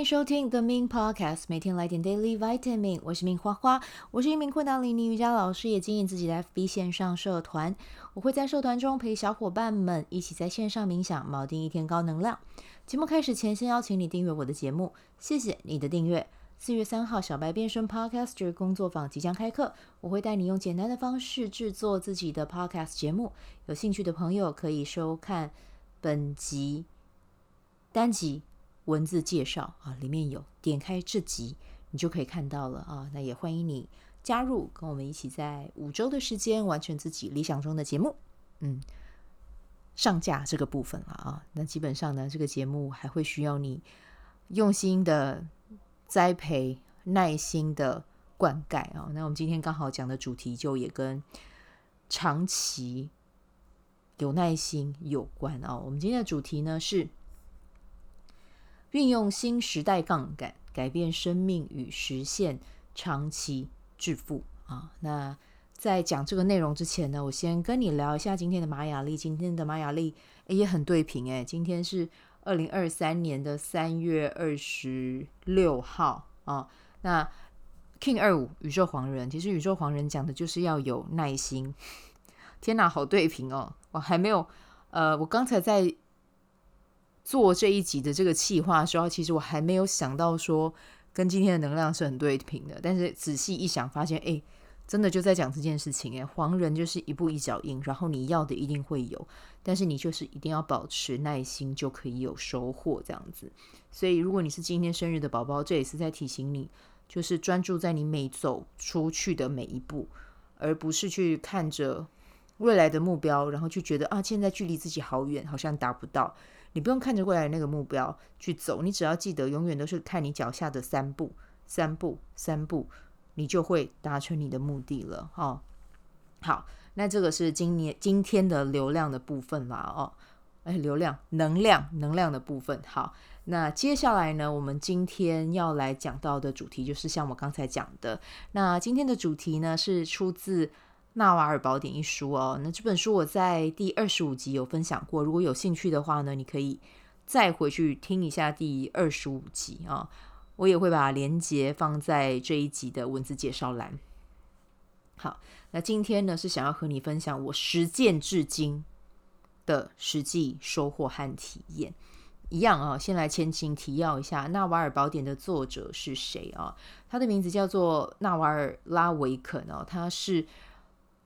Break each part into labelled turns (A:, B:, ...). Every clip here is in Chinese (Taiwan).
A: 歡迎收聽 The Min Podcast，每天來點 Daily Vitamin。我是 Min 花花，我是一名昆達里尼瑜伽老師，也經營自己的 FB 線上社團。我會在社團中陪小夥伴們一起在線上冥想，錨定一天高能量。節目開始前，先邀請你訂閱我的節目，謝謝你的訂閱。四月三號，小白變身 Podcaster 工作坊即將開課，我會帶你用簡單的方式製作自己的 Podcast 節目。有興趣的朋友可以收看本集單集。文字介紹啊，裡面有點開這集，你就可以看到了啊。那也歡迎你加入，跟我們一起在五周的時間，完成自己理想中的節目。嗯，上架這個部分了啊。那基本上呢，這個節目還會需要你用心的栽培，耐心的灌溉啊。那我們今天剛好講的主題就也跟長期有耐心有關啊。我們今天的主題呢是。運用新時代槓桿，改變生命與實現長期致富啊、哦！那在講這個內容之前呢，我先跟你聊一下今天的馬雅曆。今天的馬雅曆、欸、也很對頻誒、欸，今天是二零二三年的三月二十六號啊、哦。那 Kin 二五宇宙黃人，其實宇宙黃人講的就是要有耐心。天吶，好對頻哦！我還沒有呃，我剛才在。做這一集的這個企劃的時候，其實我還沒有想到說跟今天的能量是很對平的。但是仔細一想，發現哎、欸，真的就在講這件事情誒、欸，黃人就是一步一腳印，然後你要的一定會有，但是你就是一定要保持耐心，就可以有收穫這樣子。所以如果你是今天生日的寶寶，這也是在提醒你，就是專注在你每走出去的每一步，而不是去看着未來的目標，然後就覺得啊，現在距離自己好遠，好像達不到。你不用看着未來那個目標去走，你只要記得，永遠都是看你腳下的三步、三步、三步，你就會達成你的目的了。哦，好，那這個是今年今天的流量的部分啦。哦，誒、哎，流量、能量、能量的部分。好，那接下來呢，我們今天要來講到的主題就是像我剛才講的，那今天的主題呢，是出自。《納瓦爾寶典》一書哦，那這本書我在第二十五集有分享過，如果有興趣的話呢，你可以再回去聽一下第二十五集啊、哦，我也會把連接放在這一集的文字介紹欄。好，那今天呢，是想要和你分享我實踐至今的實際收穫和體驗。一樣啊、哦，先來前情提要一下，《納瓦爾寶典》的作者是誰啊、哦？他的名字叫做納瓦爾拉維肯哦，他是。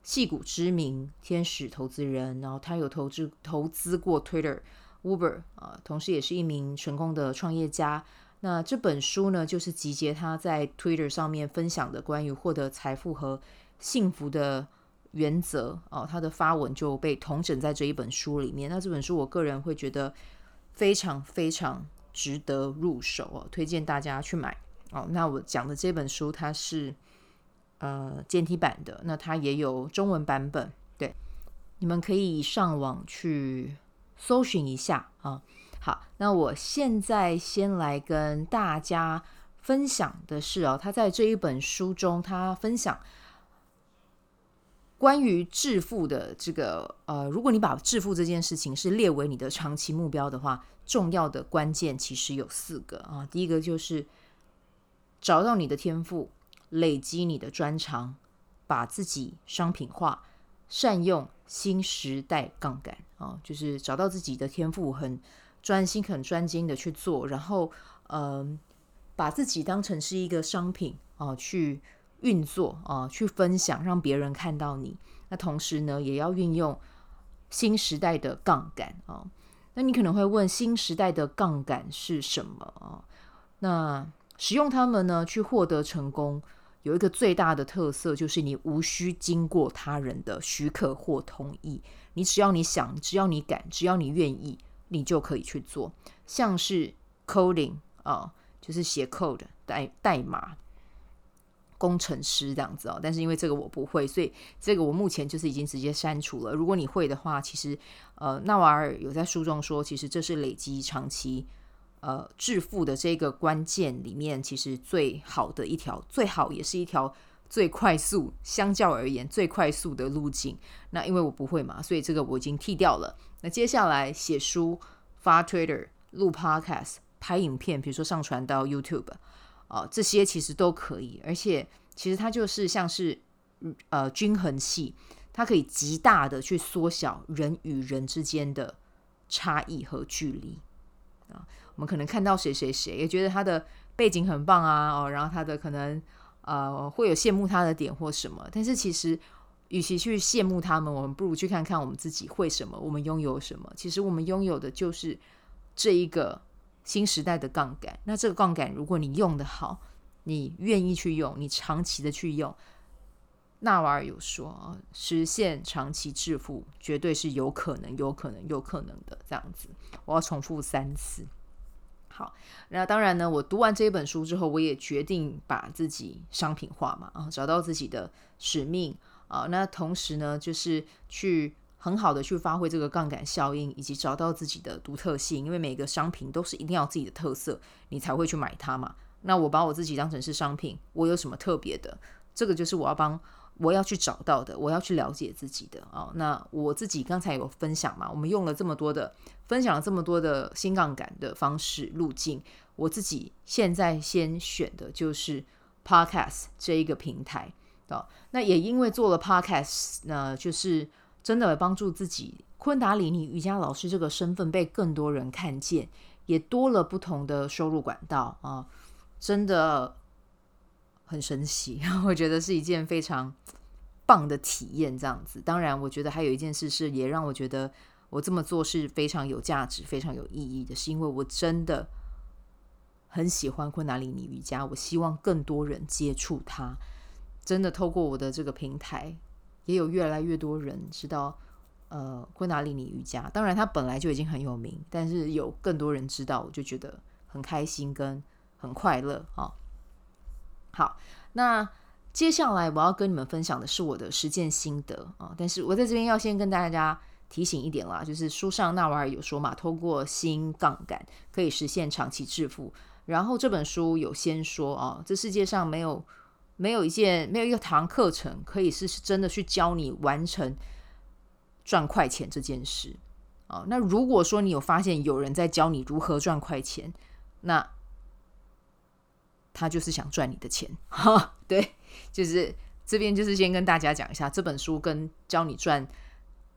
A: 矽谷知名天使投資人，然後他有投資投資過 Twitter、Uber 啊，同時也是一名成功的創業家。那這本書呢，就是集結他在 Twitter 上面分享的關於獲得財富和幸福的原則哦、啊，他的發文就被統整在這一本書裡面。那這本書我個人會覺得非常非常值得入手哦、啊，推薦大家去買哦、啊。那我講的這本書，它是。呃，簡體版的，那它也有中文版本，對，你們可以上網去搜尋一下啊。好，那我現在先來跟大家分享的是哦，他、啊、在這一本書中，他分享關於致富的這個呃、啊，如果你把致富這件事情是列為你的長期目標的話，重要的關鍵其實有四個啊。第一個就是找到你的天賦。累積你的專長，把自己商品化，善用新時代槓桿啊，就是找到自己的天賦，很專心、很專精的去做，然後嗯、呃，把自己當成是一個商品啊、哦，去運作啊、哦，去分享，讓別人看到你。那同時呢，也要運用新時代的槓桿啊。那你可能會問，新時代的槓桿是什麼啊？那使用它們呢，去獲得成功。有一個最大的特色，就是你無需經過他人的許可或同意，你只要你想，只要你敢，只要你願意，你就可以去做。像是 coding 啊、哦，就是寫 code 代、代代碼工程師這樣子啊、哦。但是因為這個我不會，所以這個我目前就是已經直接刪除了。如果你會的話，其實呃，納瓦爾有在書中說，其實這是累積長期。呃，致富的這個關鍵裡面，其實，最好的一條，最好也是一條最快速，相較而言最快速的路徑。那因為我不會嘛，所以這個我已經替掉了。那接下來寫書、發 Twitter、錄 Podcast、拍影片，比如說上傳到 YouTube，啊、呃，這些其實都可以。而且其實它就是像是呃均衡器，它可以極大的去縮小人與人之間的差異和距離、呃我們可能看到誰誰誰，也覺得他的背景很棒啊，哦，然後他的可能呃會有羨慕他的點或什麼，但是其實，與其去羨慕他們，我們不如去看看我們自己會什麼，我們擁有什麼。其實我們擁有的就是這一個新時代的槓桿。那這個槓桿，如果你用得好，你願意去用，你長期的去用，納瓦爾有說，實現長期致富絕對是有可能、有可能、有可能的。這樣子，我要重複三次。好，那當然呢。我讀完這本書之後，我也決定把自己商品化嘛，啊，找到自己的使命啊。那同時呢，就是去很好的去發揮這個槓桿效應，以及找到自己的獨特性。因為每個商品都是一定要自己的特色，你才會去買它嘛。那我把我自己當成是商品，我有什麼特別的？這個就是我要幫。我要去找到的，我要去了解自己的啊、哦。那我自己剛才有分享嘛，我們用了這麼多的，分享了這麼多的新槓桿的方式路徑。我自己現在先選的就是 Podcast 這一個平台啊、哦。那也因為做了 Podcast，那、呃、就是真的幫助自己，昆達里尼瑜伽老師這個身份被更多人看見，也多了不同的收入管道啊、哦，真的。很神奇，我覺得是一件非常棒的體驗。這樣子，當然，我覺得還有一件事是，也讓我覺得我這麼做是非常有價值、非常有意義的，是因為我真的很喜歡昆達里尼瑜伽。我希望更多人接觸它，真的透過我的這個平台，也有越來越多人知道呃昆達里尼瑜伽。當然，它本來就已經很有名，但是有更多人知道，我就覺得很開心跟很快樂啊。哦好，那接下來我要跟你們分享的是我的實踐心得啊。但是我在這邊要先跟大家提醒一點啦，就是書上納瓦爾有說嘛，透過新槓桿可以實現長期致富。然後這本書有先說啊，這世界上沒有沒有一件沒有一個堂課程可以是真的去教你完成賺快錢這件事啊。那如果說你有發現有人在教你如何賺快錢，那他就是想賺你的錢，哈，對，就是這邊就是先跟大家講一下，這本書跟教你賺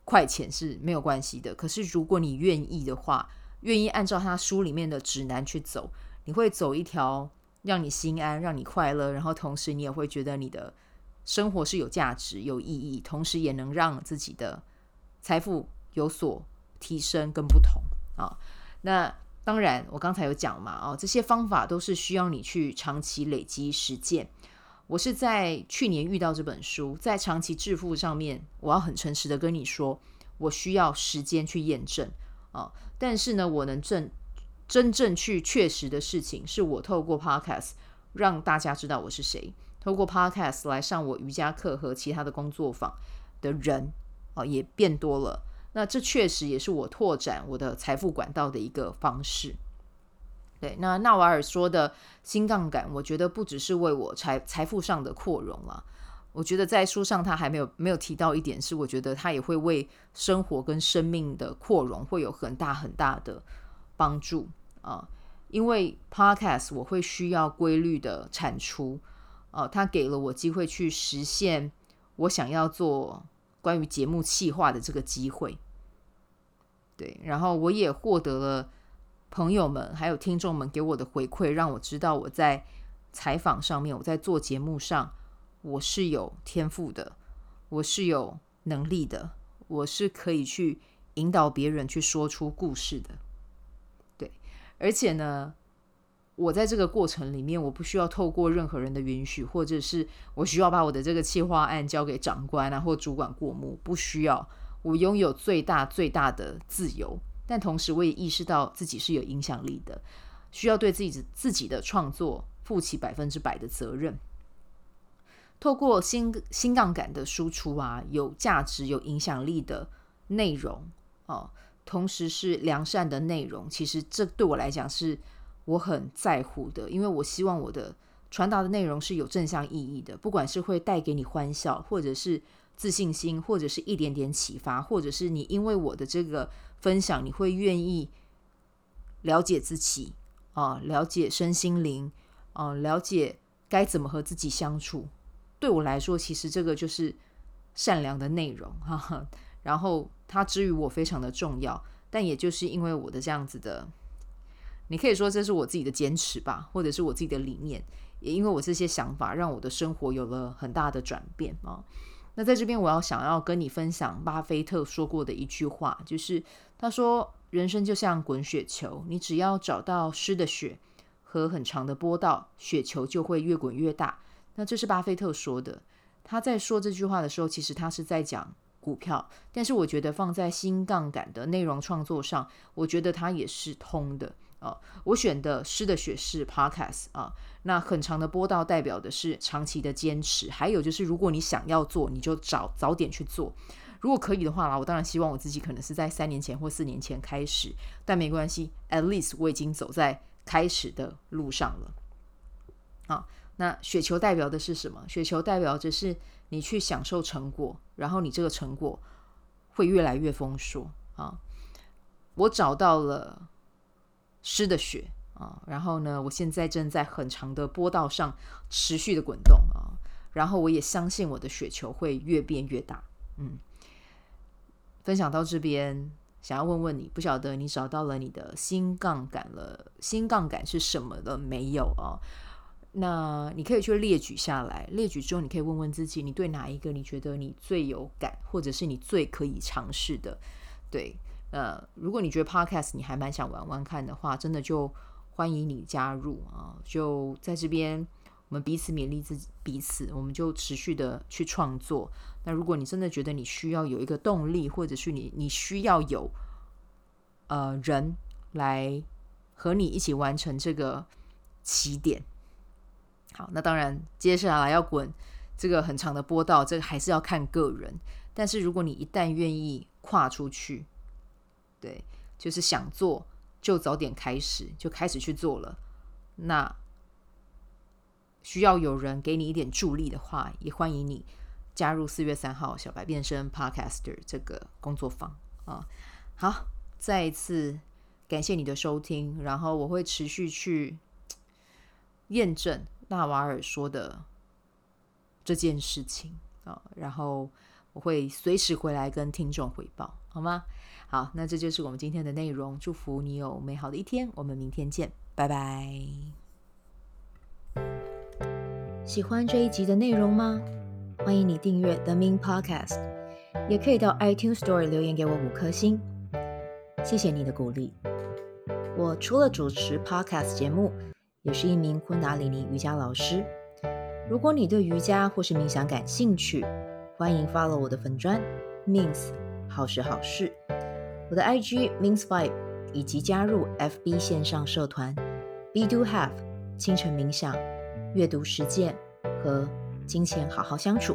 A: 快錢是沒有關係的。可是如果你願意的話，願意按照他書裡面的指南去走，你會走一條讓你心安、讓你快樂，然後同時你也會覺得你的生活是有價值、有意義，同時也能讓自己的財富有所提升跟不同啊。那。當然，我剛才有講嘛，哦，這些方法都是需要你去長期累積實踐。我是在去年遇到這本書，在長期致富上面，我要很誠實的跟你說，我需要時間去驗證。哦，但是呢，我能證真正去確實的事情，是我透過 Podcast 讓大家知道我是誰，透過 Podcast 來上我瑜伽課和其他的工作坊的人，哦，也變多了。那這確實也是我拓展我的財富管道的一個方式。對，那納瓦爾說的新槓桿，我覺得不只是為我財財富上的擴容了，啊。我覺得在書上他還沒有沒有提到一點，是我覺得他也會為生活跟生命的擴容會有很大很大的幫助啊。因為 Podcast 我會需要規律的產出，呃、啊，他給了我機會去實現我想要做。關於節目企劃的這個機會，對，然後我也獲得了朋友們還有聽眾們給我的回饋，讓我知道我在採訪上面，我在做節目上，我是有天賦的，我是有能力的，我是可以去引導別人去說出故事的，對，而且呢。我在這個過程裡面，我不需要透過任何人的允許，或者是我需要把我的這個企劃案交給長官啊或主管過目，不需要。我擁有最大最大的自由，但同時我也意識到自己是有影響力的，需要對自己自己的創作負起百分之百的責任。透過新新槓桿的輸出啊，有價值有影響力的內容啊、哦，同時是良善的內容，其實這對我來講是。我很在乎的，因為我希望我的傳達的內容是有正向意義的，不管是會帶給你歡笑，或者是自信心，或者是一點點啟發，或者是你因為我的這個分享，你會願意了解自己啊，了解身心靈啊，了解該怎麼和自己相處。對我來說，其實這個就是善良的內容，啊，然後它之於我非常的重要。但也就是因為我的這樣子的。你可以說這是我自己的堅持吧，或者是我自己的理念，也因為我這些想法讓我的生活有了很大的轉變啊、哦。那在這邊，我要想要跟你分享巴菲特說過的一句話，就是他說：“人生就像滾雪球，你只要找到濕的雪和很長的坡道，雪球就會越滾越大。”那這是巴菲特說的。他在說這句話的時候，其實他是在講股票，但是我覺得放在新槓桿的內容創作上，我覺得它也是通的。啊、哦，我選的詩的雪是 Podcast 啊、哦，那很長的播道代表的是長期的堅持。還有就是，如果你想要做，你就早早點去做。如果可以的話啦，我當然希望我自己可能是在三年前或四年前開始，但沒關係，At least 我已經走在開始的路上了。啊、哦，那雪球代表的是什麼？雪球代表着是你去享受成果，然後你這個成果會越來越豐碩。啊、哦，我找到了，濕的雪啊、哦，然後呢，我現在正在很長的坡道上持續的滾動啊、哦，然後我也相信我的雪球會越變越大。嗯，分享到這邊，想要問問你，不曉得你找到了你的新槓桿了，新槓桿是什麼了沒有啊、哦，那你可以去列舉下來，列舉之後你可以問問自己，你對哪一個你覺得你最有感，或者是你最可以嘗試的？對。呃，如果你覺得 Podcast 你還蠻想玩玩看的話，真的就歡迎你加入啊，呃，就在這邊，我們彼此勉勵自己，彼此，我們就持續的去創作。那如果你真的覺得你需要有一個動力，或者是你你需要有呃人來和你一起完成這個起點，好，那當然接下來要滾這個很長的播道，這個還是要看個人。但是如果你一旦願意跨出去，對，就是想做就早點開始，就開始去做了。那需要有人給你一點助力的話，也歡迎你加入四月三號小白變身 Podcaster 這個工作坊啊。好，再一次感謝你的收聽，然後我會持續去驗證納瓦爾說的這件事情啊，然後我會隨時回來跟聽眾回報，好嗎？好，那這就是我們今天的內容。祝福你有美好的一天，我們明天見，拜拜。喜歡這一集的內容嗎？歡迎你訂閱 The Min Podcast，也可以到 iTunes Store 留言給我五顆星，謝謝你的鼓勵。我除了主持 Podcast 節目，也是一名昆達里尼瑜伽老師。如果你對瑜伽或是冥想感興趣，歡迎 follow 我的粉專 Mins 好時好事。我的 IG Minsvibe 以及加入 FB 線上社團 Be Do Have 清晨冥想、閱讀實踐和金錢好好相處。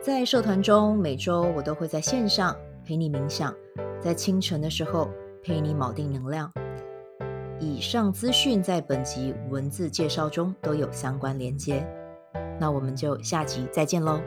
A: 在社團中，每周我都會在線上陪你冥想，在清晨的時候陪你錨定能量。以上資訊在本集文字介紹中都有相關連接。那我們就下集再見嘍。